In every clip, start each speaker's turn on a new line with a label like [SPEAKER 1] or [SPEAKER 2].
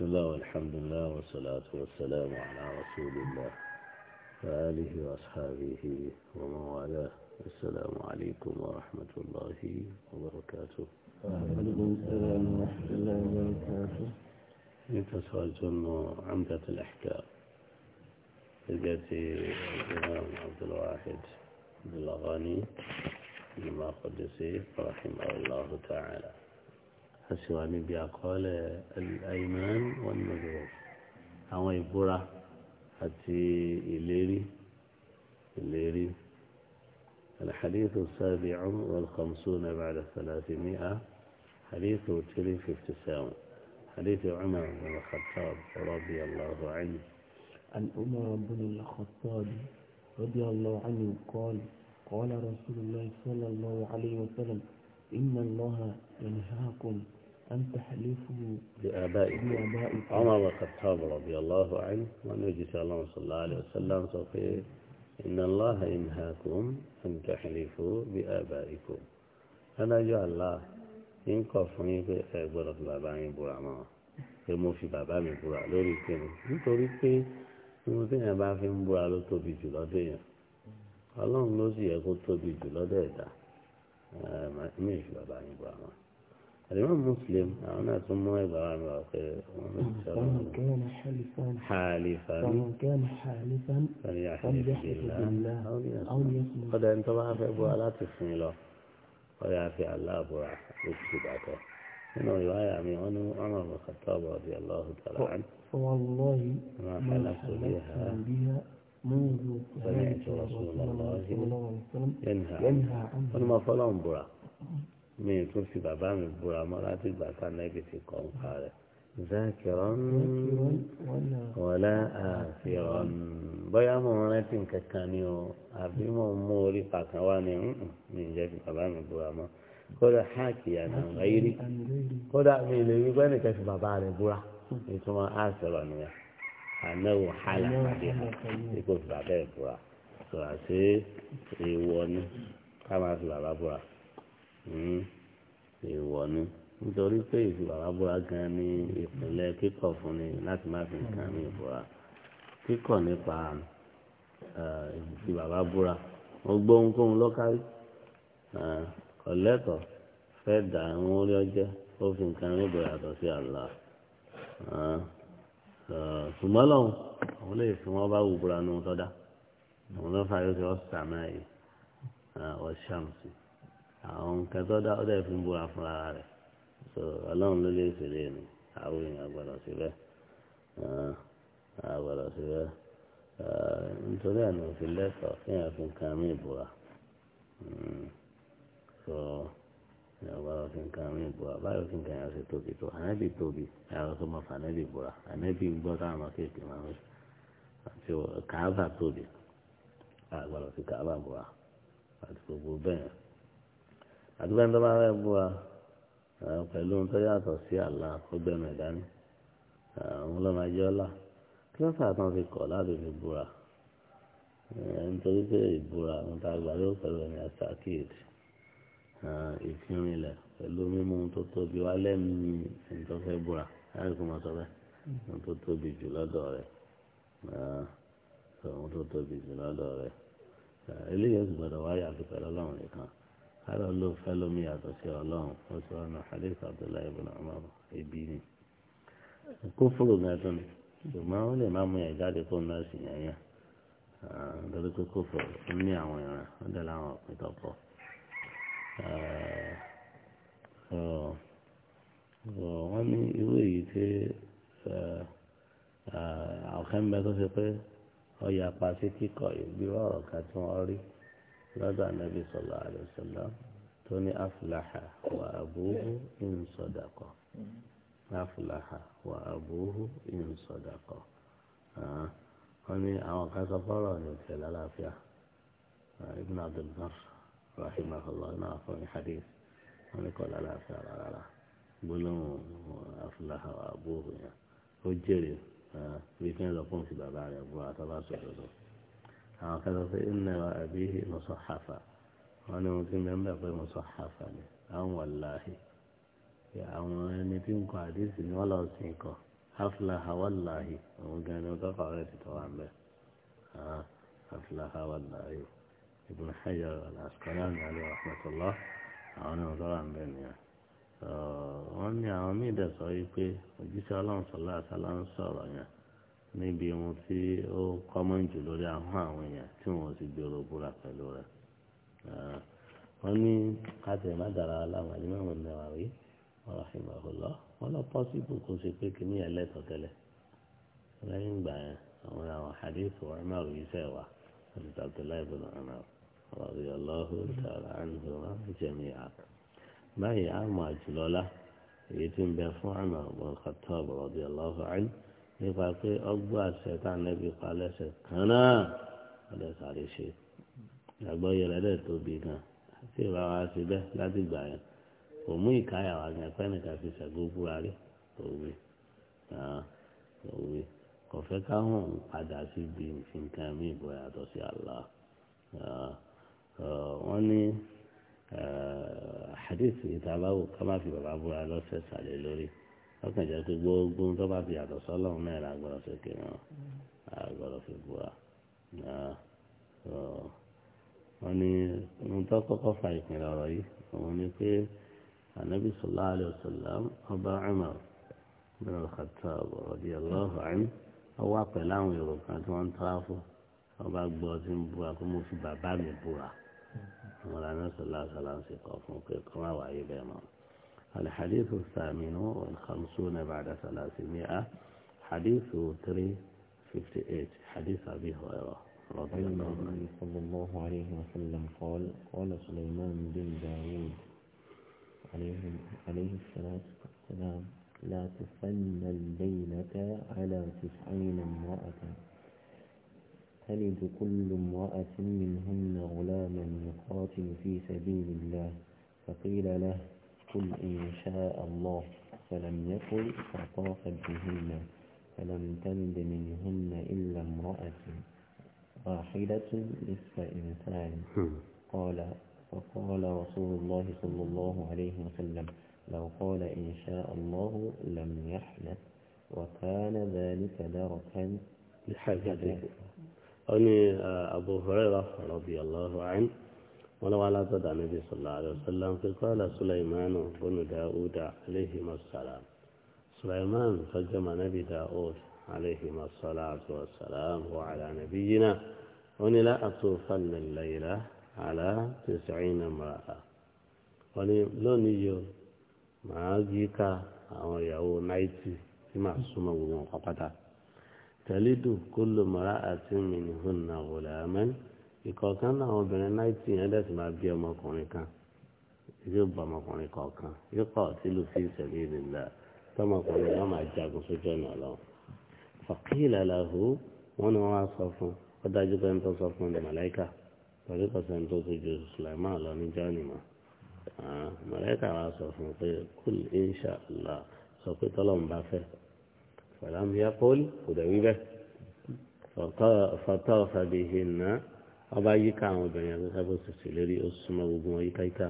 [SPEAKER 1] بسم الله والحمد لله والصلاة والسلام على رسول الله وآله وأصحابه ومن والاه السلام عليكم ورحمة الله وبركاته وعليكم السلام ورحمة الله وبركاته أنت نتصل أنه عمدة الأحكام التي الإمام عبد الواحد الأغاني لما قدسه رحمه الله تعالى àṣìwà níbi الأيمان al-ayman wan-nuzur nuzur حتى ìbúra àti الحديث السابع والخمسون بعد الثلاثمائة حديث 357 حديث عمر بن الخطاب رضي الله عنه عن عمر بن الخطاب رضي الله عنه قال قال رسول الله صلى الله عليه وسلم إن الله ينهاكم أن تحلفوا بآبائكم عمر بن الخطاب رضي الله عنه ونبي صلى الله عليه وسلم صفيه إن الله ينهاكم أن تحلفوا بآبائكم أنا جاء الله إن كفني في أبرة بابا من برا ما في مو في بابا من برا لوري كني nítorí pé mo ti yàn bá fi ń búra ló tóbi jù lọ́dọ̀ yẹn méjì bàbá ní bàbá الإمام مسلم أنا ثم إبراهيم ومن حالفا حالفا فمن كان حالفا فليحلف بالله أو ليسمع قد انتبه في أبو لا تسمي له ويعفي الله أبو عفا يكتب رواية من عمر بن الخطاب رضي الله تعالى عنه فوالله ما حلفت بها منذ سمعت رسول الله ينهى ثم فلان برا mi ì tún fi bàbá mi búra mọ́ láti gbà tá nẹ́bì ti kọ́ nǹkan rẹ̀ zakiran wọlé àfihàn bóyá mo ń rántí nǹkan kan ni o àbí mo ń mú orí pàkan wá ni mi ì jẹ́ fi bàbá mi búra mọ́ kódà háàkì àná ayírí kódà mi ì lè rí pé nìkan fi bàbá rẹ̀ búra ìtumọ̀ àṣẹ wà nìyẹn anáwó hálàkàdé tí kò fi bàbá ẹ̀ búra sọ̀rọ̀ sí èèwọ̀ ni ká máa fi bàbá búra hmm, èèwọ̀ ni nítorí pé ìfi bàbá búra gan ni ìpínlẹ̀ kíkọ̀ fún ni láti má fi nǹkan mi búra kíkọ̀ nípa ìfi bàbá búra mo gbọ́ ohunkóhun lọ́kárí ọ̀lẹ́tọ̀ fẹ́ dà ń wọlé ọjẹ́ ó fi nǹkan mi bọ̀ yàtọ̀ sí àlá ṣùgbọ́n lọ́hùn àwọn lè fi wọ́n bá wù búra nù tọ́da àwọn lọ́fà yóò fi ọ̀sà náà yìí ọ̀ṣàmùsì àwọn nǹkan tọ́da ọ̀dà ìfi ń búra fúnra rẹ̀ so ọlọ́run ló lè ṣèlè nù àwọn èèyàn gbọ́dọ̀ síbẹ̀ àgbàdo síbẹ̀ nítorí àná òfin lẹ́tọ̀ọ́ kéèyàn fi nǹkan mí búra hmm báwo fi nǹkan mi búra báwo fi nǹkan yẹn ṣe tóbi tó ànábì tóbi àwọn tó máa fa ànábì búra ànábì gbọ́ táwọn máa kéèké máa ń àti kàáfà tóbi àgbàlọ̀ fi kàáfà búra àti gbogbo bẹ́ẹ̀ àti bẹ́ẹ̀ tó bá fẹ́ búra pẹ̀lú ohun tó yàtọ̀ sí àlá ọgbẹ́nu ìdání àwọn ọlọ́mọ ajé ọlá kí wọ́n fàtàn fi kọ̀ láti fi búra nítorí pé ìbúra àwọn tá a gbà lérò àti àkíyèsí ìfìrìnlẹ̀ pẹ̀lú mímú tó tóbi wá lẹ́mí ẹni tó fẹ́ búra láì kó máa sọ bẹ́ẹ̀ ohun tó tóbi jù lọ́dọ̀ rẹ̀ ohun tó tóbi jù lọ́dọ̀ rẹ̀ eléyìí sì gbọ́dọ̀ wáyà àti pẹ̀lú ọlọ́run nìkan káàdà ló fẹ́ lómi yàtọ̀ sí ọlọ́run ó sọ ọ̀nà hadith abdullahi ibn umar ibi ni kó fúrò gàdùn ṣùgbọ́n ó lè má mú yẹn jáde kó nọ́ọ̀sì yẹn yẹn nítorí pé kó fọ̀ ó ní àwọn ìran ó dẹ̀ láwọn òpin tó pọ̀ wọ́n ní irú èyí tí àkẹ́mbẹ́ tó ṣe pé ọyà pàṣẹ kíkọ ìgbé ọ̀rọ̀ kan tí wọ́n rí lọ́dọ̀ ànábì sallallahu alaihi wasallam tó ní afúláhà wà àbúhù ìǹsọ̀dàkọ̀ afúláhà wà àbúhù ìǹsọ̀dàkọ̀ wọ́n ní àwọn kan sọ fọ́rọ̀ ní òkè lálàáfíà ibùdó abdulbar rahimahullah náà fún hadith wọn ní kọlá láàfin ara rárá gbólóhùn afúláhà àbúrò yẹn ó jèrè bí kí n lọ fún ti bàbá rẹ bu àtọ́lá sòdodo àwọn kẹta pé ńlẹ wa àbí mùsọ̀háfà wọn ní wọn ti ń bẹ ń bẹ pé mùsọ̀háfà ni àwọn wàláhì àwọn ẹni tí ń kọ àdéhùn ni wọn lọ sí nǹkan afúláhà wàláhì àwọn gan ni wọn kọ́ fàárẹ̀ ti tọ́ wa ń bẹ afúláhà wàláhì. ابن حجر العسقلاني عليه رحمة الله àwọn ọ̀dọ́ wà ń bẹ̀ nìyẹn wọ́n ní àwọn míì dẹ̀ sọ wípé òjíṣẹ́ ọlọ́run sọ̀lá àṣálá ń sọ̀rọ̀ yẹn níbi ohun tí ó kọ́mọ́n jù lórí àwọn àwọn èèyàn tí wọ́n sì gbèrò búra pẹ̀lú rẹ̀ wọ́n ní àtẹ̀mádàra aláwọ̀ alimọ́mọ́ Nawawi rahimahullah wọ́n lọ pọ́sibú kó ṣe pé kí ní ẹlẹ́tọ̀ tẹ́lẹ̀ lẹ́yìn ìgbà yẹn àwọn àwọn hadith ọ̀rẹ́mọ̀rù yìí sẹ́wà àti Abdullahi ibn Umar. رضي الله تعالى عنه جميعا معي عمى جلولة يتم بفو عمر بن الخطاب رضي الله عنه يقاطي أبوى الشيطان النبي قال شكنا ولا سعري شيء لأبوى يلدت بينا في رواسي به لا تبعين ومي كايا وانا فانا في سقوف وعلي ومي آه ومي kọfẹ káwọn padà sí bí nǹkan mi bọ yàtọ̀ wọ́n ní hadith ìtàbáwò ká má fi bàbá búra lọ́sẹ̀ sàlẹ̀ lórí lọ́kàn jẹ́ pé gbogbo tó bá fi yàtọ̀ sọ́lọ́run náà la gbọ́dọ̀ fi kí wọn gbọ́dọ̀ fi búra wọ́n ní ohun tó kọ́kọ́ fa ìpínlẹ̀ ọ̀rọ̀ yìí òun ni pé anabi sallallahu alayhi wa sallam ọba Umar bin al-Khattab radiyallahu anhu ọwọ́ pẹ̀lú àwọn èrò kan tí wọ́n ń tọ́ àfọ̀ ọba gbọ́ tí ń búra pé mo fi bàbá mi búra. ولا lànà الله sọlá ń sèkọ fún الحديث الثامن والخمسون بعد ثلاثمائة حديث 358 حديث أبي هريرة رضي الله عنه صلى الله عليه وسلم قال قال سليمان بن داود عليه, عليه الصلاة والسلام لا تسن البينة على تسعين امرأة تلد كل امرأة منهن غلاما يقاتل في سبيل الله فقيل له قل إن شاء الله فلم يقل فطاف بهن فلم تلد منهن إلا امرأة واحدة نصف إنسان قال فقال رسول الله صلى الله عليه وسلم لو قال إن شاء الله لم يحدث وكان ذلك دركا لحاجته أني أبو هريرة رضي الله عنه ولو على قد النبي صلى الله عليه وسلم قال سليمان بن داود عليهما السلام سليمان ترجم نبي داود عليهما الصلاة والسلام وعلى نبينا وني لا أطوفن الليلة على تسعين امرأة وني لوني ما أجيك أو يو نايتي في معصومة ومقاطعة tẹ̀lídù kó ló mọ̀ra àti mìíràn hàn náà wò láàmẹ́ ìkọ̀ọ̀kan náà obìnrin náìtì yẹn dẹ̀ sì máa bí ọmọkùnrin kan yóò bá ọmọkùnrin kọ̀ọ̀kan yóò kọ̀ sílùú sí ìṣẹ̀lẹ̀ ìlẹ̀lá tọmọkùnrin náà máa jagun sójú ọ̀nà lọ. fàkìlà làhù wọn ni wọn á sọ fún ó dájú pé ń tó sọ fún ní màláìkà pẹ̀lú kọ̀sẹ̀ ń tó sojú sùlẹ̀mán lọ ní jọ́ọ̀nì mọ́. màláìkà wa sọ fún pé kúl inṣàlá sọ pé tọ́lọ́mù bá فلم يقل قدويبة فطاف بهن أبا يكا وبني أبو سسلري أسمى وبما يكا يكا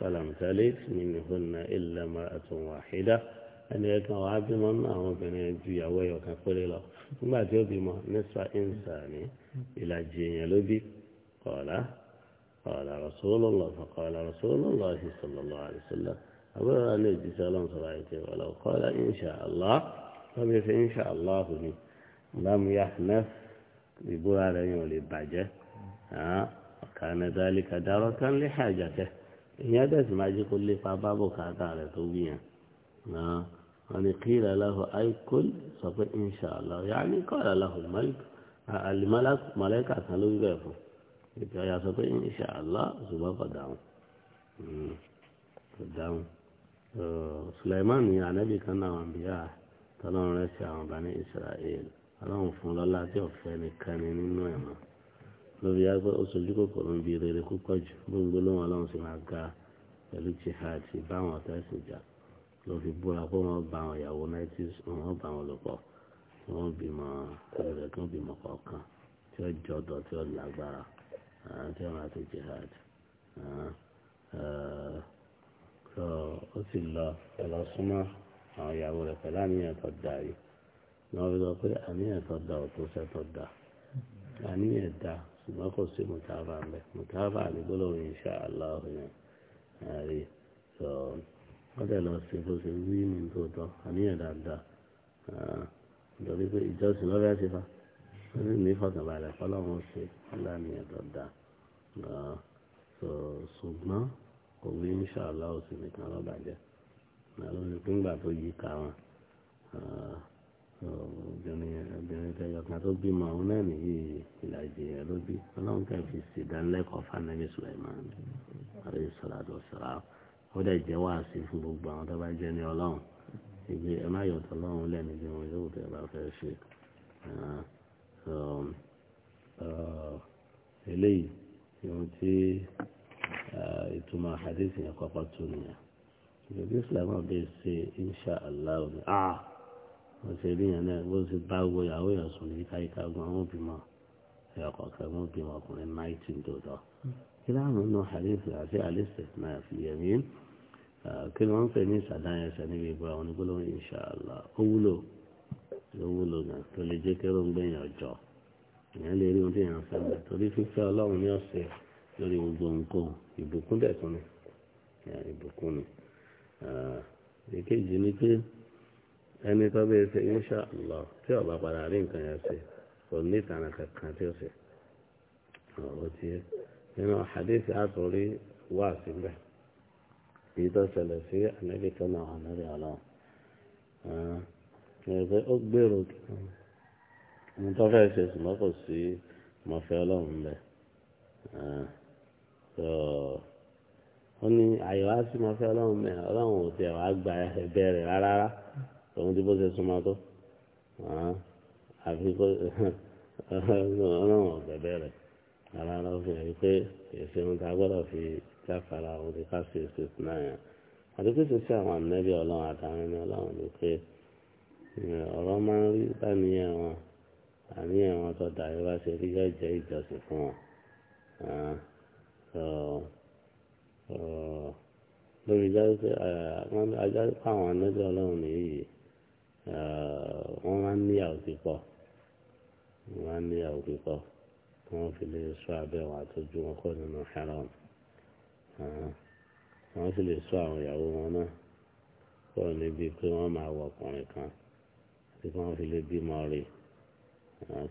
[SPEAKER 1] فلم تلد منهن إلا امرأة واحدة ẹni ẹ̀ka wàá bímọ nínú àwọn obìnrin ju ìyàwó ẹ̀yọ̀ kan péré lọ nígbà tí ó bímọ nípa ìǹsà ní ìlàjì èèyàn ló bí ọ̀la ọ̀la rasulullah faqala rasulullah sallallahu alaihi wasallam àbúrò rẹ̀ ní ìjísẹ́ ọlọ́run sọ̀rọ̀ àìsí ọ̀la qala insha Allah wọ́n lè ṣe insha allah ni lámúyá nẹ́f ìbúra rẹ̀ yàn lè bàjẹ́ ọ̀kànnà dálí kàdárọ̀ kan lè hàjàtẹ́ ìyẹn dẹ̀sí máa jẹ́ kó lépa bábò kàtà rẹ̀ tó gbìyàn wọ́n ni kíra aláhù àìkúl sọ pé insha allah yà á ní kọ́ra aláhù mọ́lẹ́kà kan ló bẹ̀ fún ìtọ́ ya sọ pé insha allah ṣùgbọ́n kọ̀ dáhùn hmm, kọ̀ dáhùn sùlẹ̀mánì ànábì kan náà wà ń bí yára tọ́lọ́run rẹ̀ sí àwọn ọba ní Israel ọlọ́run fún lọ́lá tí ọ̀fẹ́ nìkanni nínú ẹ̀mọ́ lórí agbẹ́ oṣoojú kòkòrò ń bi rere púpọ̀ jù gbogbo lóhùn ọlọ́run sì máa ga pẹ̀lú jihad báwọn ọ̀tá ẹ̀sìn jà ló fi búra pé wọ́n bá àwọn ìyàwó náítì wọ́n bá wọn lò pọ̀ tí wọ́n bímọ rẹ̀ tó bímọ kọ̀ọ̀kan tí ó jọ̀dọ̀ tí ó lágbára tí wọ́n máa ti jihad ó sì lọ ẹ̀ lọ súnmọ́ àwọn ìyàwó rẹ̀ pẹ̀lú àníyàn tó da yìí ni wọ́n fi sọ pé àníyàn tó da ò tó ṣe tó da àníyàn da ṣùgbọ́n kò sí mùtáàbà ń bẹ̀ mùtáàbà ní gbólóhùn insha Allah yẹn ààrẹ sọ wọ́n tẹ̀ lọ sí bó ṣe wí ní tòótọ́ àníyàn dáadáa ah, nítorí pé ìjọsìn lọ́fẹ́ ṣe fa ó ah, sì ní ìfọ̀kànbalẹ̀ fọlọ́run ṣe ọlànìyàn tó da ṣùgbọ́n òwe insha Allah sì nìkan lọ́bàjẹ́ àwọn ìpínlẹ̀ tó yí ká wọn obìnrin tẹyọ kan tó bímọ àwọn náà nìyí ìlàjì rẹ ló bí ọlọ́run kẹ́ fi ṣèdánilẹ́kọ̀ọ́ fanabi Sulaiman alayhi salatu wassalam ó dẹ̀ jẹ́ wáàsí fún gbogbo àwọn tó bá jẹ́ ní ọlọ́run ìgbé ẹ má yọ̀tọ̀ ọlọ́run lẹ́nu bí wọn yóò tẹ̀ bá fẹ́ ṣe eléyìí ohun tí ìtumọ̀ àdéhùn yẹn kọ́kọ́ tó nìyẹn ìṣèlú islam bẹ ṣe insha allah ọ̀nà ah wọ́n ṣe rí yẹn náà bó ṣe bá wo ìyàwó yẹn sùn ní káyíká gun àwọn òbí mọ́ ẹ̀yà kọ̀ọ̀kan wọn bí wọn ọkùnrin náìtì ń dòdò kí láwọn náà àdéhùn àti àlẹ́sẹ̀ náà fi yẹmí kí ni wọ́n ń pè ní ìsàdáyẹn ẹsẹ̀ níbi ìbúra wọn ní gbólóhùn insha allah ó wúlò ó wúlò náà tó lè jẹ́ kẹ́rọ̀ ń gbẹ̀yìn ọjọ́ èèyàn lè rí ohun tí èèyàn fẹ́ gbà torí fífẹ́ ọlọ́run ní lórí ìbùkún dẹ̀ tún ni ìbùkún ni. èkejì ni pé ẹni tó bẹ́ẹ̀ ṣe insha Allah tí ọba padà rí nǹkan yẹn ṣe kò ní ìtànà kankan tí ó ṣe ọ̀rọ̀ nínú hadith àtúrí wà síbẹ̀ èyí tó ṣẹlẹ̀ sí ànábì tó náà ànábì ọlọ́run ẹ̀fẹ́ ó gbèrò mo tó fẹ́ ṣe ṣùgbọ́n kò sí ọlọ́run bẹ́ẹ̀. ó ní àyẹ̀wò àsìmọ́fẹ́ ọlọ́run mẹ́ ọlọ́run ò tiẹ̀ wàá gba ẹ̀bẹ̀ rẹ̀ rárá òun ti bó ṣe súnmọ́ tó àfi kó ọlọ́run ọ̀gbẹ̀bẹ̀ rẹ̀ rárá ló fi hàn pé èsì ohun tá a gbọ́dọ̀ fi jáfara òun ti ká sí èsì náà yẹn àti pé ṣe sí àwọn ànẹ́bí ọlọ́run àtàwọn ẹni ọlọ́run ni pé ọ̀rọ̀ máa ń rí báníyàn wọn àníyàn wọn tó dàrí bá ṣe rí yóò jẹ́ ìjọsìn fún wọn lórí jáde ajá fáwọn anájọ ọlọ́run nìyí wọ́n máa ń níyàwó pípọ̀ wọ́n máa ń níyàwó pípọ̀ kí wọ́n fi lè sọ abẹ́ wọn àtọ́jú wọn kọ́ nínú haram wọ́n sì lè sọ àwọn ìyàwó wọn náà kọ́ níbi pé wọ́n máa wọ ọkùnrin kan àti kí wọ́n fi lè bímọ rè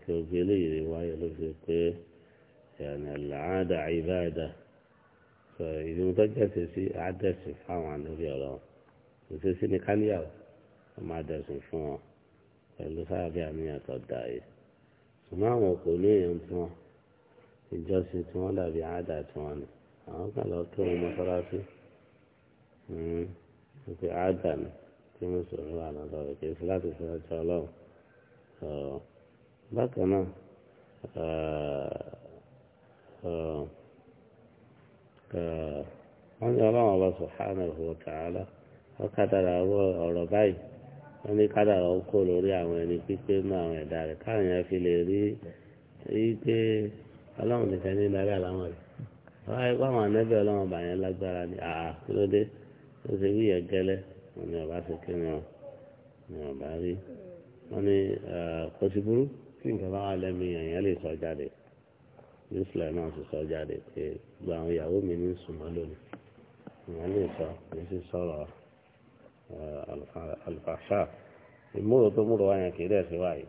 [SPEAKER 1] kí ogun eléyìí wáyé ló fi pé ìyànà làádà ìbáàdà ìdíwọ́ tó jẹ́sẹ̀ sí àádẹ́sìn fáwọn ànábì ọlọ́run òṣè sí ni káníyàwó wọ́n máa dẹ̀sìn fún wọn pẹ̀lú sábẹ́ àníyàn tó dà yìí ṣùgbọ́n àwọn kò ní èèyàn tí wọ́n ìjọsìn tí wọ́n dàbí àádà tí wọ́n ni àwọn kan lọ tó wọn mọ́sálásí hmm, pé àádà ni tí mo sọ̀rọ̀ wà lọ́dọ̀ rẹ̀ sí láti fi ọjọ́ ọlọ́run bákan náà wọ́n ní ọlọ́run ọba subhanahu wa ta'ala wọ́n kádàrà ọ̀rọ̀ báyìí wọ́n ní kádàrà ó kó lórí àwọn ẹni pípé nú àwọn ẹ̀dá rẹ̀ káàrin yẹn fi lè rí i pé ọlọ́run nìkan ní ìdarí àlámọ̀ rẹ̀ wọ́n àwọn anẹ́bí ọlọ́run bàyẹn lágbára ni àà kí ló dé ó ṣe wí yẹn gẹ́lẹ́ wọ́n ní ọba ṣe kí ni wọn ni ọba rí wọ́n ní kò kí nǹkan bá wà lẹ́mìí ní sulaiman ti sọ jáde pé gba àwọn ìyàwó mi ní sùnmọ́ lónìí ìwọ́n lè sọ kì í sì sọ̀rọ̀ alfàṣà ìmúrò tó múrò wáyà kì í dẹ̀ sí wáyé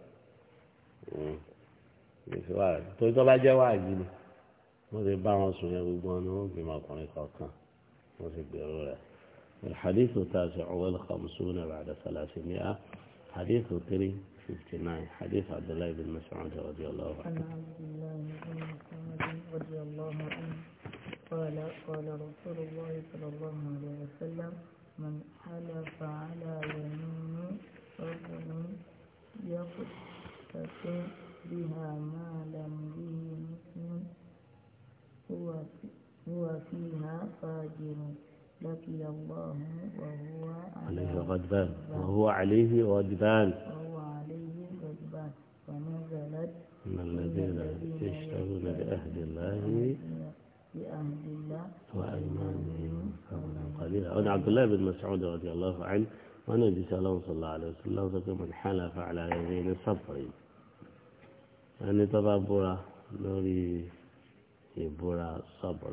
[SPEAKER 1] tó tó bá jẹ́ wáyé ni mo ti bá wọn sùn yẹn gbogbo ọ̀nà ó gbìmọ̀ ọkùnrin kọ̀ọ̀kan mo ti gbèrò rẹ̀ الحديث التاسع والخمسون بعد ثلاثمائة حديث كريم في حديث عبد الله بن مسعود رضي الله عنه عن عبد الله بن مسعود رضي الله عنه قال قال رسول الله صلى الله عليه وسلم من حلف على يمين رجل يقتسم بها ما لم به مثل هو هو فيها فاجر لقي الله وهو عليه غضبان وهو عليه غضبان إن الذين يشترون بأهل الله وأيمانهم ثمنا قليلا عن عبد الله بن مسعود رضي الله عنه وأن النبي صلى الله عليه وسلم من حلف على يدين الصبر يعني طبعا برا نوري برا صبر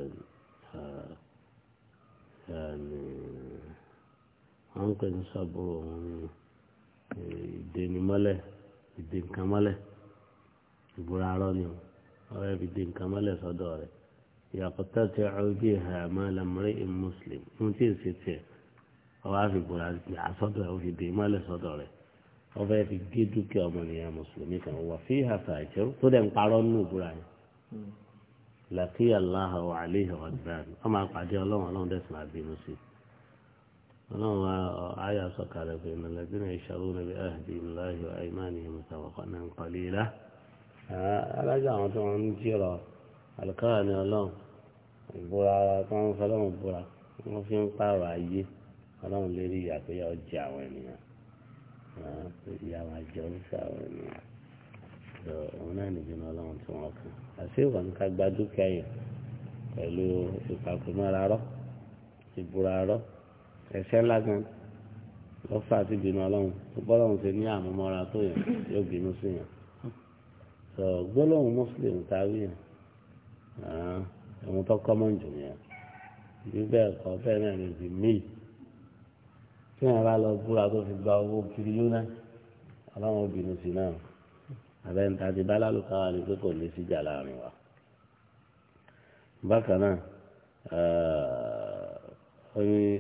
[SPEAKER 1] يعني أنقذ صبر يعني الدين ماله الدين كماله ìbúra arọ́ ni o ọ̀rẹ́ fi dé nǹkan mọ́lẹ̀ sọ́dọ̀ rẹ̀ ìyàkọ́tà tí a rí bí ìhà máa lamọ́rẹ́ in muslim fún tí èsì tiẹ̀ ọwọ́ àfi ìbúra àsọ́dọ̀ rẹ̀ ó fi dé mọ́lẹ̀ sọ́dọ̀ rẹ̀ ọfẹ́ fi gé dúkìá ọmọnìyàn mùsùlùmí kan wà fi hàfà àìjẹ́ tó dẹ̀ ń parọ́ nínú ìbúra yẹn làkì aláha wà àléhà ọ̀dàn ọmọ àpàdé ọlọ́run ọlọ́run dẹ̀sán àbínú sí ọlọ́run wa ayà sọ̀kalẹ̀ pé ìmọ̀lẹ́bí náà ìṣàlùmọ̀ bí ahdi ìmọ̀láhì àìmánìyàn mùsàwọ̀kọ́ náà ń kọ́lé lá alájà àwọn tó wọn ń jìrọ àlùkárà ní ọlọ́run ìbúra ara tó ń fọlọ́run búra wọ́n fi ń pààrọ̀ ayé ọlọ́run lérí ìyà pé yọ jẹ àwọn ènìyàn ìyá máa jẹ oríṣi àwọn ènìyàn òun náà nìbínú ọlọ́run tí wọ́n fún àti ìwà ní ká gba dúkìá yẹn pẹ̀lú ìpàkùmọ́ra rọ́ ìbúra rọ́ ẹ̀ṣẹ̀ ńlá gan lọ́fà àti ìbínú ọlọ́run bọ́lọ́run ṣe ní àmúmọ́ra tó yẹn yóò bínú sí yẹn sọ gbólóhùn mùsùlùmí táwí ẹ̀hún tó kọ́mọ̀ jù yẹn bíbẹ́ ẹ̀kọ́ bẹ́ẹ̀ náà lè di míì tí wọ́n bá lọ búra tó fi gba owó kiri yóò náà ọlọ́run obìnrin sí náà àbẹ́ńtà ti bá lálùkà wà ní pé kò lè síjà láàrin wa bákan náà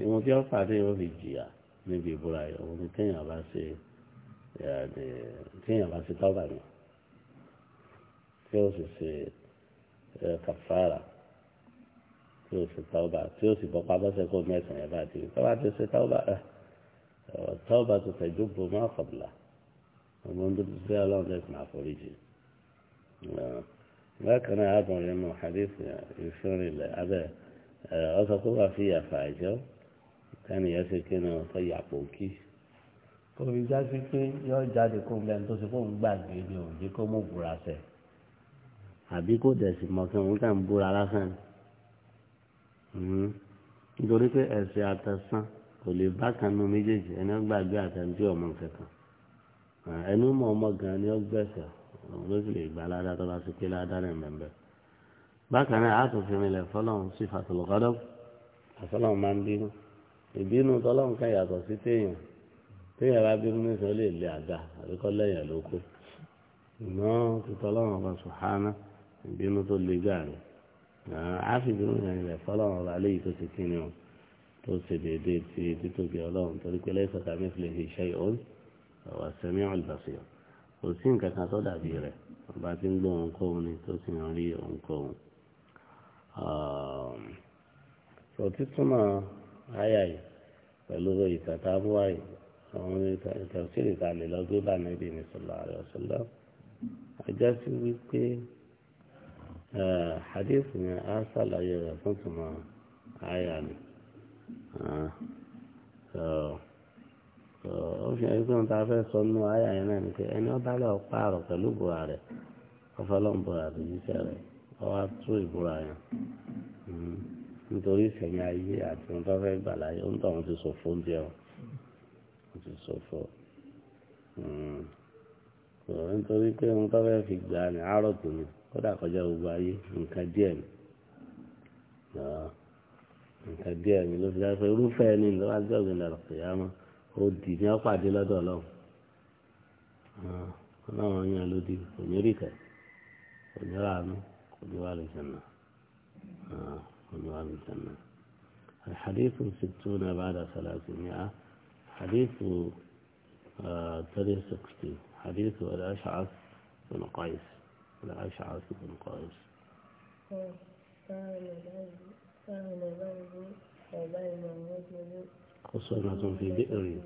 [SPEAKER 1] ohun tí wọ́n pàdé wọ́n fi jìyà níbi ìbúra yìí ohun tí kéèyàn bá ṣe kéèyàn bá ṣe tọ́ba nìyẹn tí ó sì ṣe kàfàrà tí ó sì tọ́ba tí ó sì bọ́ pamọ́sẹ̀ kó mẹ́sàn-án yẹn bá ti rí tọ́ba ti ṣe tọ́ba rẹ̀ tọ́ba ti tẹ̀jú bo máa kọ̀bìlà ọmọ tó ti ṣe ọlọ́run tẹ̀sí máa foríjì. bákan náà arábìnrin nù hadith ìfúnrinlẹ̀ abẹ́ ọ̀sán tó wà fi yàfà àjọ kánìyàn ṣe kí ni wọ́n fẹ́ yàpò kí kò fi já sí pé yọ jáde kó ń bẹ́ẹ̀ tó ṣe fóun gbàgbé ni òun jẹ́ kó mú bùrà sẹ́ẹ̀ àbí kò dẹ̀sì mọ̀kàn òun kàn ń búra lásán hmm. nítorí pé ẹ̀sìn àtẹ̀sán kò lè bá kan nínú méjèèjì ẹni ó gbàgbé àtẹ̀ntí ọmọ kankan ẹni ah, mọ̀ ọmọ gan ni ó gbẹ̀sẹ̀ òun ló sì lè gbà ládàá tó bá ti pé ládàá rẹ̀ mẹ́mbẹ́ bákan náà àtúnfin ilẹ̀ fọlọ́run sí fàtòlùkọ́dọ́ àfọlọ́run máa ń bínú ìbínú tọ́lọ́run kan yàtọ̀ sí téèyàn téèyàn bá bínú nísìnyí ó lè lé àga àbíkọ́ lẹ́yìn lóko ìmọ̀ tuntun ọlọ́run ọba sùhánà ìbínú tó le gbà ní á fi ìbínú yẹn rẹ̀ fọlọ́run ọ̀rọ̀ alẹ́ yìí tó ti kíni o tó ṣe déédéé ti títóbi ọlọ́run torí pé lẹ́sọ̀ tàbí ìfilẹ̀ fi ṣe òun ọ̀wà sẹ́mi kò sí nǹkan kan tó dàbí rẹ̀ ọba tí ń gbọ́ ohunkóhun ni tó sì ń rí ohunkóhun. sọ títúmọ̀ àyà yìí pẹ̀lú ìtàtà wáyé àwọn ìtàsílẹ̀ ìtàlẹ̀ lọ́gbẹ́ bá nàbì ní sọ̀lá àrẹ ọ̀sọ̀lá sí wípé hadith yẹn á ṣàlàyé rẹ̀ fún tùmọ̀ àyà ni ah, ó fi hàn pé ta fẹ́ sọ nínú àyà yẹn náà ni pé ẹni ọba lọ pààrọ̀ pẹ̀lú ìbúra rẹ̀ ọfọlọ́n búra rẹ̀ yíṣẹ́ rẹ̀ ọwọ́ tú ìbúra yẹn hmm, nítorí ìsẹ̀yìn ayé àti ohun tó fẹ́ gbà láyé ó ń hmm, tọ́ fi gbà ní àárọ̀ kódà kọjá gbogbo ayé nǹkan díẹ̀ ni nǹkan díẹ̀ ni ló fi dá pé irúfẹ́ ẹni ní wàá gbọ́ ìgbìnlẹ̀ ọ̀pẹ̀ yá ó dì ní lọ́dọ̀ ọlọ́run ọlọ́run yẹn ló di kò ní rí kẹ̀ kò ní rà ánú kò ní wà lè jẹ̀nà kò ní wà lè jẹ̀nà. الحديث ستون بعد ثلاثمائة حديث ثلاثة حديث الأشعث بن قيس الأشعث بن قيس كان بيني وبين خصومة في بئر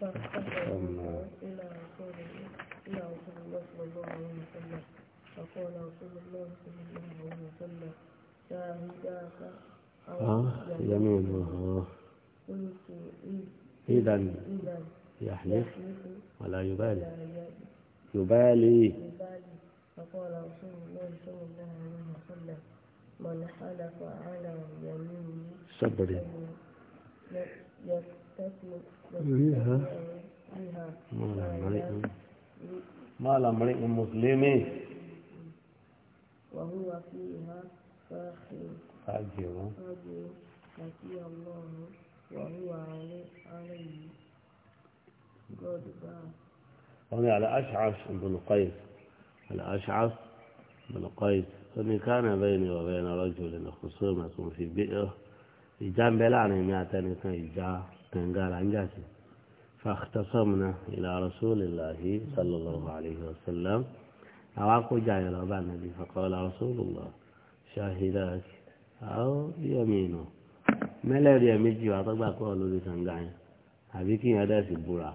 [SPEAKER 1] فأخذنا إلى رسول الله صلى الله عليه وسلم فقال رسول الله صلى الله عليه وسلم إذا يحلف ولا يبالي يبالي فقال رسول الله صلى الله عليه وسلم من حلف على يمين صبر بها ما لامرئ مسلم وهو فيها فاخر فاجر لقي الله وهو عليه غضبان وهنا على أشعث بن قيس على أشعث بن قيس فمن كان بيني وبين رجل خصومة في بئر إجان بلعنة مئتان إثنى إجان قال عن جاسي فاختصمنا إلى رسول الله صلى الله عليه وسلم أواقو جاي الأربع النبي فقال رسول الله شاهدات أو يمينه ما لا يريد يمجي وعطاك بأقوال ذي سنقعي هذيك هذا في البراء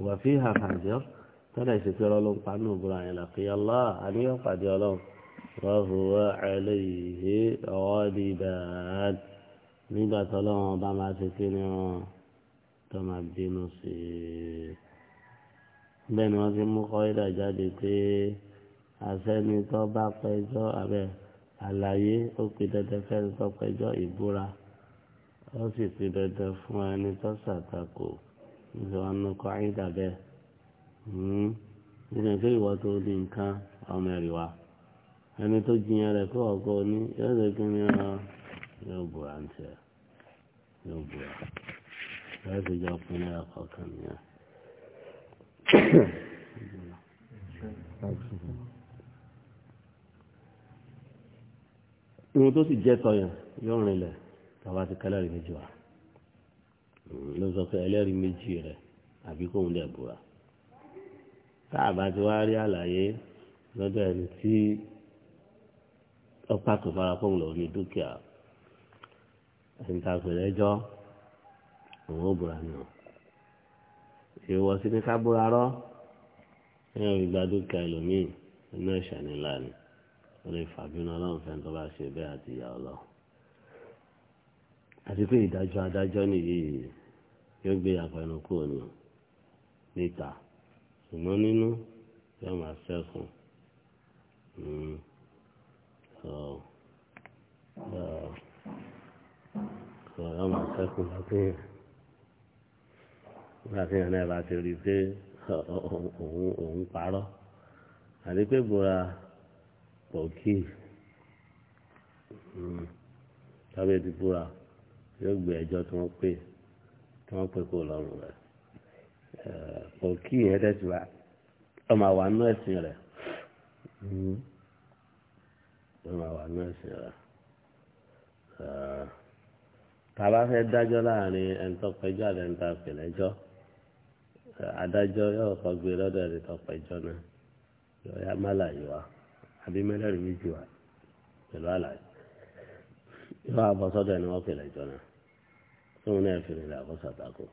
[SPEAKER 1] وفيها خنزير فليس كرلون قانون براين لقي الله أن يقعد يلون وهو عليه غالبان نيبا تلون بما سكين تما بينو سي بين وزي مقايدة جادتي أساني طبع قيجو أبي àlàyé ó pe dandan fẹ́ni tó pẹjọ́ ìbúra ó sì pe dandan fún ẹni tó ṣàtakò ìṣòro àánú kọ àyídà bẹ́ẹ̀ hmm. nínú ìfẹ́ tó di nǹkan ọmọ ẹ̀rì wa ẹni tó jiyàn rẹ̀ pé ọkọ ní yóò ṣe kí yóò bùrà ń tẹ̀ yóò bùrà yóò ṣe jọ pín ní ọkọ̀ kan nìyẹn. tó sì jẹ́ tọyàn yóò rìnlẹ̀ tàbá ti kẹ́lẹ́rì méjì wa ló sọ pé ẹlẹ́rìí méjì rẹ̀ àbí kóun dẹ̀ búra tá a bá ti wá rí àlàyé lọ́dọ̀ ẹni tí ọ̀pá tó fara pọ̀ lọ ní dúkìá ẹni tá a pè lẹ́jọ́ òun ó búra nù èèwọ̀ sí ni ká búra rọ́ ẹ̀yìn òrìgbà dúkìá ẹlòmíì inú ẹ̀ṣẹ̀ ńlá ni ó lè fàbínú ọlọ́run fẹ́ tó bá ṣe bẹ́ẹ̀ àti ìyá ọlọ́run àti pé ìdájọ́ adájọ́ nìyí yóò gbé àpẹnu kúrò ní níta ṣùgbọ́n nínú yóò máa ṣẹ́kùn hmm. yóò máa ṣẹ́kùn látìyàn látìyàn náà bá ti rí i pé òun òun parọ́ àti pé bora pọ̀ kí hmm. tàbí ti bora yóò gbé ẹjọ́ tí wọ́n pè tí wọ́n pè kó lọ́rùn rẹ̀ kò kí ìyẹn tẹ̀síwá ọmọ àwa nú ẹ̀sìn rẹ̀ ọmọ àwa nú ẹ̀sìn rẹ̀ tàbá fẹ́ dájọ́ láàrin ẹ̀ńtọ́pẹ́jọ́ àti ẹ̀ńtàpẹ̀lẹ́jọ́ adájọ́ yóò kọ́ gbé lọ́dọ̀ ẹ̀rí tọpẹ́jọ́ náà yóò yá má láyé wa àbí mẹ́lẹ́rìí méjì wa pẹ̀lú àlàyé yóò abọ́ sọ́dọ̀ ẹni wọ́n pèlẹ́jọ́ náà tóun náà fi rìnlẹ̀ àkọ́ sàtàkù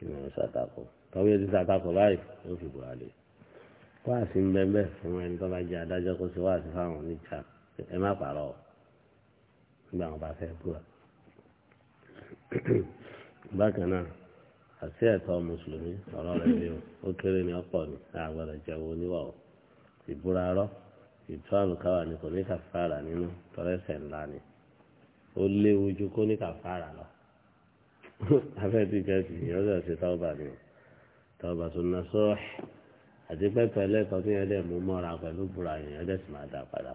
[SPEAKER 1] ìrìn sàtàkù tọ́wé ti sàtàkù báyìí ó fi bùrà lé wáàsí ń bẹ bẹ́ẹ̀ fún ẹni tó bá jẹ́ adájọ́ kó ṣe wáàsí fáwọn oníjà ẹ má pààrọ̀ nígbà wọn bá fẹ́ búra bákan náà àti ẹ̀tọ́ mùsùlùmí ọ̀rọ̀ rẹ̀ ni ó kéré ní ọ̀pọ̀ ni àgbàdo jẹun oníwà ìbúra rọ ìtú àlùkáwà ni kò ní kàfàrà nínú tọrẹsẹ̀ ńlá ni ó léwu ju kó ní kàfàrà lọ afẹ́tí kẹ́sì ìyọ́sẹ̀ ṣe tọ́ba ni o tọ́ba tó ná sọ́ọ̀ṣì àti pẹ́pẹ́ lẹ́tọ́ tí yẹn dẹ̀ mú mọ́ra pẹ̀lú búra yẹn ẹ̀dẹ̀ sì máa dà padà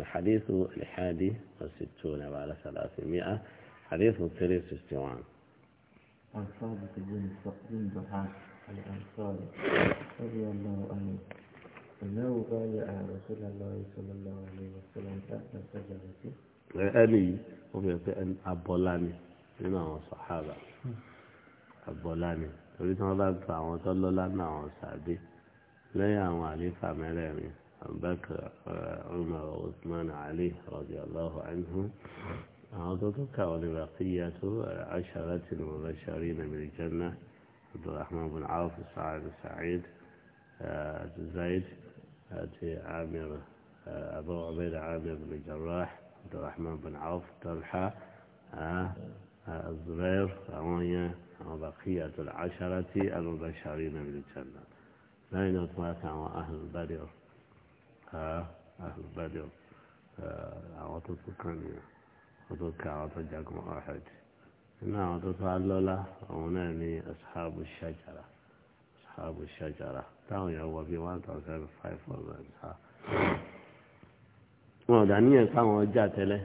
[SPEAKER 1] الحديث الحادي والستون بعد ثلاثمائة حديث 361 عن ثابت بن ضحاك الأنصاري رضي الله عنه أنه بايع رسول الله صلى الله عليه وسلم تحت شجرته أني وفي أن أبولاني من أهو صحابة أبولاني تريد أن الله أنت أعوان تقول له لأن أهو سعدي لا يأمو علي فعملاني بكر عمر وثمان علي رضي الله عنه عضوك ولبقية عشرة وبشرين من الجنة عبد الرحمن بن عوف سعيد سعيد زيد عامر أبو عبيد عامر بن جراح عبد الرحمن بن عوف طلحة آه، آه، الزبير عمية وبقية العشرة المبشرين بالجنة لا ينطلق آه، أهل بدر أهل بدر أعطتكني أعطتك جاكم أحد إن أعطت اللولة هناني أصحاب الشجرة أصحاب الشجرة تعالوا يا أبي وانت أصحاب الفايف والله wọn ò dàníyàn káwọn ọjà tẹ́lẹ̀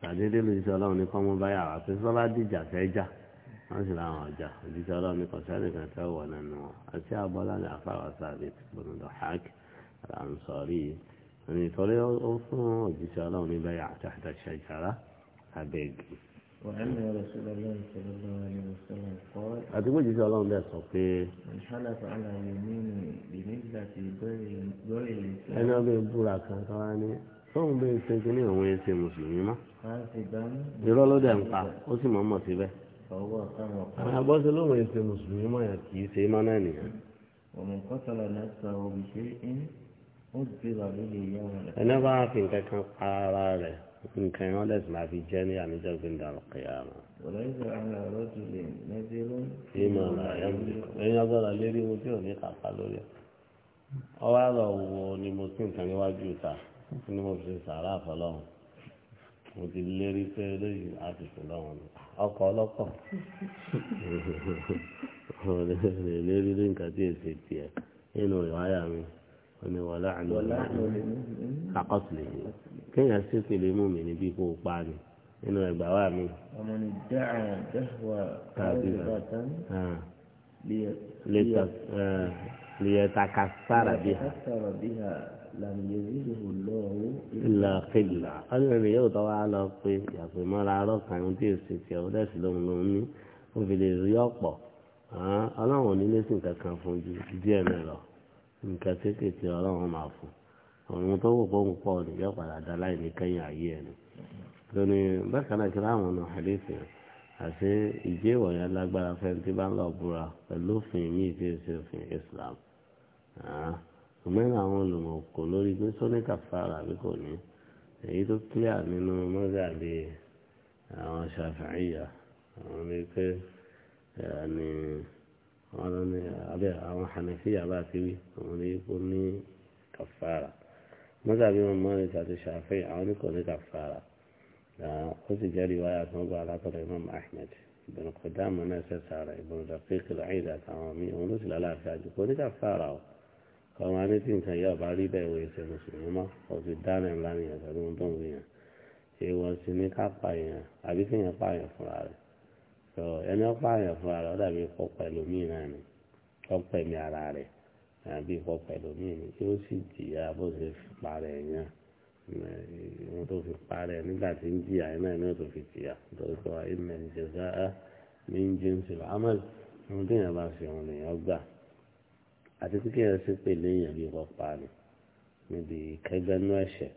[SPEAKER 1] tàdédé lójúṣe ọlọ́run ní kọ́mú báyà wá pé sọ́lá dìjà fẹ́ jà wọ́n sì láwọn ọjà lójúṣe ọlọ́run ní kọ̀sẹ́nì kan fẹ́ wọ̀ nínú wọn àti abọ́lá ní afáwàsá àti bùnúdọ̀ hák àǹsọ̀rí ẹni ìtọ́lé ó fún òjíṣẹ́ ọlọ́run ní báyà àtàtà ṣàṣàrà abẹ́gi. àti pé òjíṣẹ́ ọlọ́run bẹ́ẹ̀ sọ pé ẹni ọbẹ̀ búra kan kan wá ní tóun bẹ́ẹ̀ ṣe kí ní òun ṣe mùsùlùmí mọ́ irọ́ ló dẹ̀ ń pa ó sì mọ̀ mọ̀ síbẹ̀ àwọn agbọ́sẹ̀ lóun ṣe mùsùlùmí mọ́ yẹn kì í ṣe mọ́ náà nìyẹn. ẹni bá fi nǹkan kan pa ara rẹ̀ nǹkan yẹn wọ́n lẹ́sìn máa fi jẹ́ ní àníjọ́ gbẹ̀ndà kìyàmà. ìmọ̀ràn ẹ̀yìn agbára lérí ohun tí ò ní kí ni mo fi sàrà àfọlọ́run mo ti lérí pé eléyìí á ti sùn lọ́wọ́ ni ọkọ̀ ọlọ́kọ̀ ọ̀rẹ́ lérí ní nǹkan tí èsì tiẹ̀ nínú ìwáyà mi wọ́n ni wọ́lá àná àkọsílẹ̀ kéèyàn sì pèlè mú mi níbi kó o pa ni nínú ẹgbà wa mi. ọmọ ni dáhà dáhùwà káàbí bàtà lè takasara bí ha làmì yẹ̀rìndò lọ́wọ́. ìlà kìlà ọlọ́run yóò tọ́wọ́ á lọ pé yàtọ̀ mọ́ra arọ́ kan tí èsì tí ọ̀hún dẹ̀sí lòun lòun ní ó fi lè rí ọ̀pọ̀ ọlọ́run ò ní lé sí nǹkan kan fún ju díẹ̀ náà lọ nǹkan kéékèèké ọlọ́run máa fún ọ̀run tó wò pọ̀ ń pọ̀ padà dá láì ní kẹ́yìn ayé ẹ̀ ni lónìí bákan náà kí láwọn ọ̀nà àdéhùn àti ìjẹ́ ìwọ̀nyẹn lágbára fẹ́ni tí bá ń lọ búra pẹ̀lú òfin míì tí èsì òfin Islam mẹ́rin àwọn olùmọ̀ kò lórí pé sọ́nìkà fara bí kò ní èyí tó kílíà nínú mọ́gà bí àwọn ṣàfàìyà àwọn ní pé ẹni wọn lọ ní abẹ àwọn hànàfíyà bá ti wí àwọn ní kó ní kàfàrà mọ́gà bí wọn mọ́ ní tàbí ṣàfàìyà àwọn ní kò ní kàfàrà ó sì jẹ́ riwaya tó ń gba alákọ̀ọ́dọ̀ Imam Ahmed ibn Qudama náà ṣẹ̀ṣà rẹ̀ ibn Daqiq al-Eid ọmọ adé tí nǹkan yìí ọba rí bẹ́ẹ̀ wọ ẹsẹ̀ mùsùlùmí mọ́ ọ̀sìn dáná ńlá nìyẹn pẹ̀lú ohun tó ń wíyàn èèwọ̀ sì ní ká pààyàn àbí kéèyàn pààyàn fúnra rẹ̀ sọ ẹni ó pààyàn fúnra rẹ̀ ó dàbí kọ́ pẹ̀lú míì náà ni kọ́ pẹ̀mí ara rẹ̀ àbí kọ́ pẹ̀lú míì ni yóò sì jìyà bó ṣe parẹ́ yẹn wọn tó fi parẹ́ nígbà tí ń jìyà yẹn náà ni wọ́n tó fi jìyà nítorí pé wà á ìmọ̀ ìjẹ̀dá ní jíǹsì àmọ́ ìmúdéyàn bá fi hàn lèèyàn gbà àti pé kéèyàn sì pè léèyàn bí wọ́n pa ni níbi kẹgbẹ́nú ẹ̀ṣẹ̀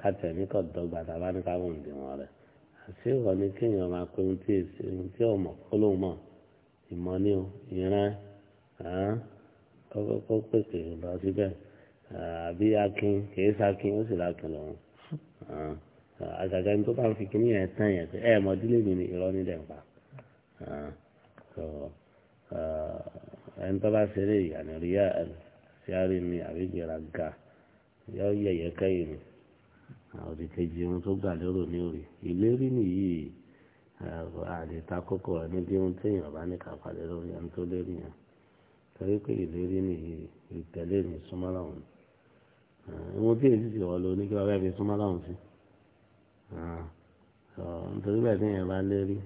[SPEAKER 1] kátẹ̀ ní kò dọ́gba tàbá ní káwọn òǹdè wọn rẹ̀ àti ìwọ ni kéèyàn máa pe ohun tí èsì ohun tí ọmọ kólóhùn mọ̀ ìmọ̀ ní o ìran kọ́kọ́ pèsè lọ síbẹ̀ àbí akin kìí sakin ó sì lákin lọ́rùn àgàgà ní tó bá ń fi ni yẹn tán yẹn pé ẹ̀ mọ̀ dílé mi ni irọ́ nílẹ̀ ń pa ẹni tó bá ṣeré ìyànà rí sí àárín mi àbíjìra ga yọ yẹyẹ kẹyìn mi òdì kejì ohun tó gbà lérò ní orí ìlérí nìyí àdìta kókó rẹ níbi ohun téèyàn bá ní kápá lé lórí ẹni tó lérí yẹn torí pé ìlérí nìyí ìtẹ̀lé mi súnmọ́ láwọn ohun tí èyí sì wọ́n lò ní kí wọ́n fẹ́ fi súnmọ́ láwọn sí nítorí bẹ́ẹ̀ téèyàn bá lérí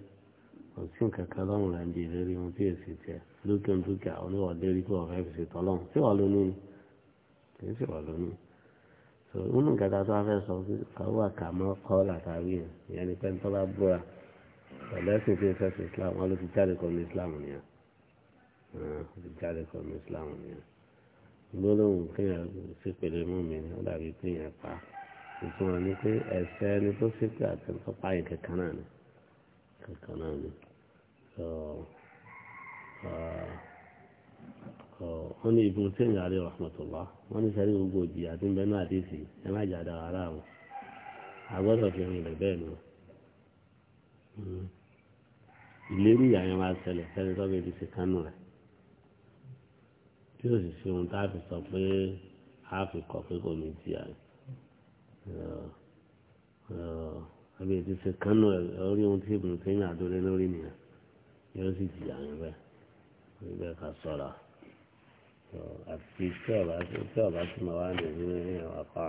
[SPEAKER 1] kò sí nǹkan kan lọ́rùn rẹ̀ ń di ìlérí ohun tí èsì tiẹ̀ dúkìá dúkìá oníwà lérí pé ọ̀fẹ́ fi ṣètò ọlọ́run tí wà lónìí ni kì í wà lónìí so nínú kẹta tó wá fẹ́ sọ pé àwọn àkàmọ́ kọ́ làtàrí yẹn ìyẹn ni pé nítorí búra ẹlẹ́sìn tí ń Islam wọn ló ti jáde kọ́ ní Islam nìyẹn ó ti jáde kọ́ ní Islam nìyẹn gbólóhùn kéèyàn sì pèlè mú mi ni ó dàbí kéèyàn pa ìtumọ̀ ni pé ẹ̀sẹ̀ ẹni tó sì pé àtẹnudọ́pá yìí kankan náà ni so. wọ́n ní ibùn tí ìyá rẹ̀ rahmatullah wọ́n ní sẹ́rí gbogbo òjì àti mbẹ́nu àdéhìí ẹ má jà dára ara wọn àgbọ́dọ̀ fi rìn rẹ̀ bẹ́ẹ̀ ni hmm. ìlérí ìyá yẹn máa ṣẹlẹ̀ sẹ́ni tó bẹ́ẹ̀ fi ṣe kánú rẹ̀ tí ó sì ṣe ohun tá a fi sọ pé a fi kọ̀ pé kò ní jìyà àbí ètò ṣe kánú rẹ̀ lórí ohun tí ibùn tí ìyá àdúrẹ́ lórí nìyẹn yóò sì jìyà yẹn bẹ́ẹ̀ ká sọ̀rọ̀ àti tí ọba tí ọba tí mo wá nìyí ní ìwà pa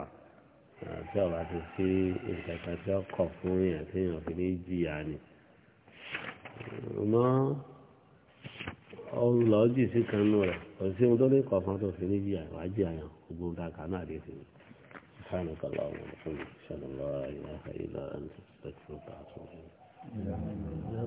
[SPEAKER 1] tí ọba ti sí nǹkan kan tí ó kọ̀ fún èèyàn tí èèyàn fi ní jìyà ni. ọmọ ọrùn lọ jì sí kan nù rẹ kò sí ohun tó ní kọ̀ọ̀kan tó fi ní jìyà wá jìyà yàn gbogbo nǹkan kan náà dé sí i. سبحانك اللهم وبحمدك اشهد ان لا اله الا انت استغفرك واتوب اليك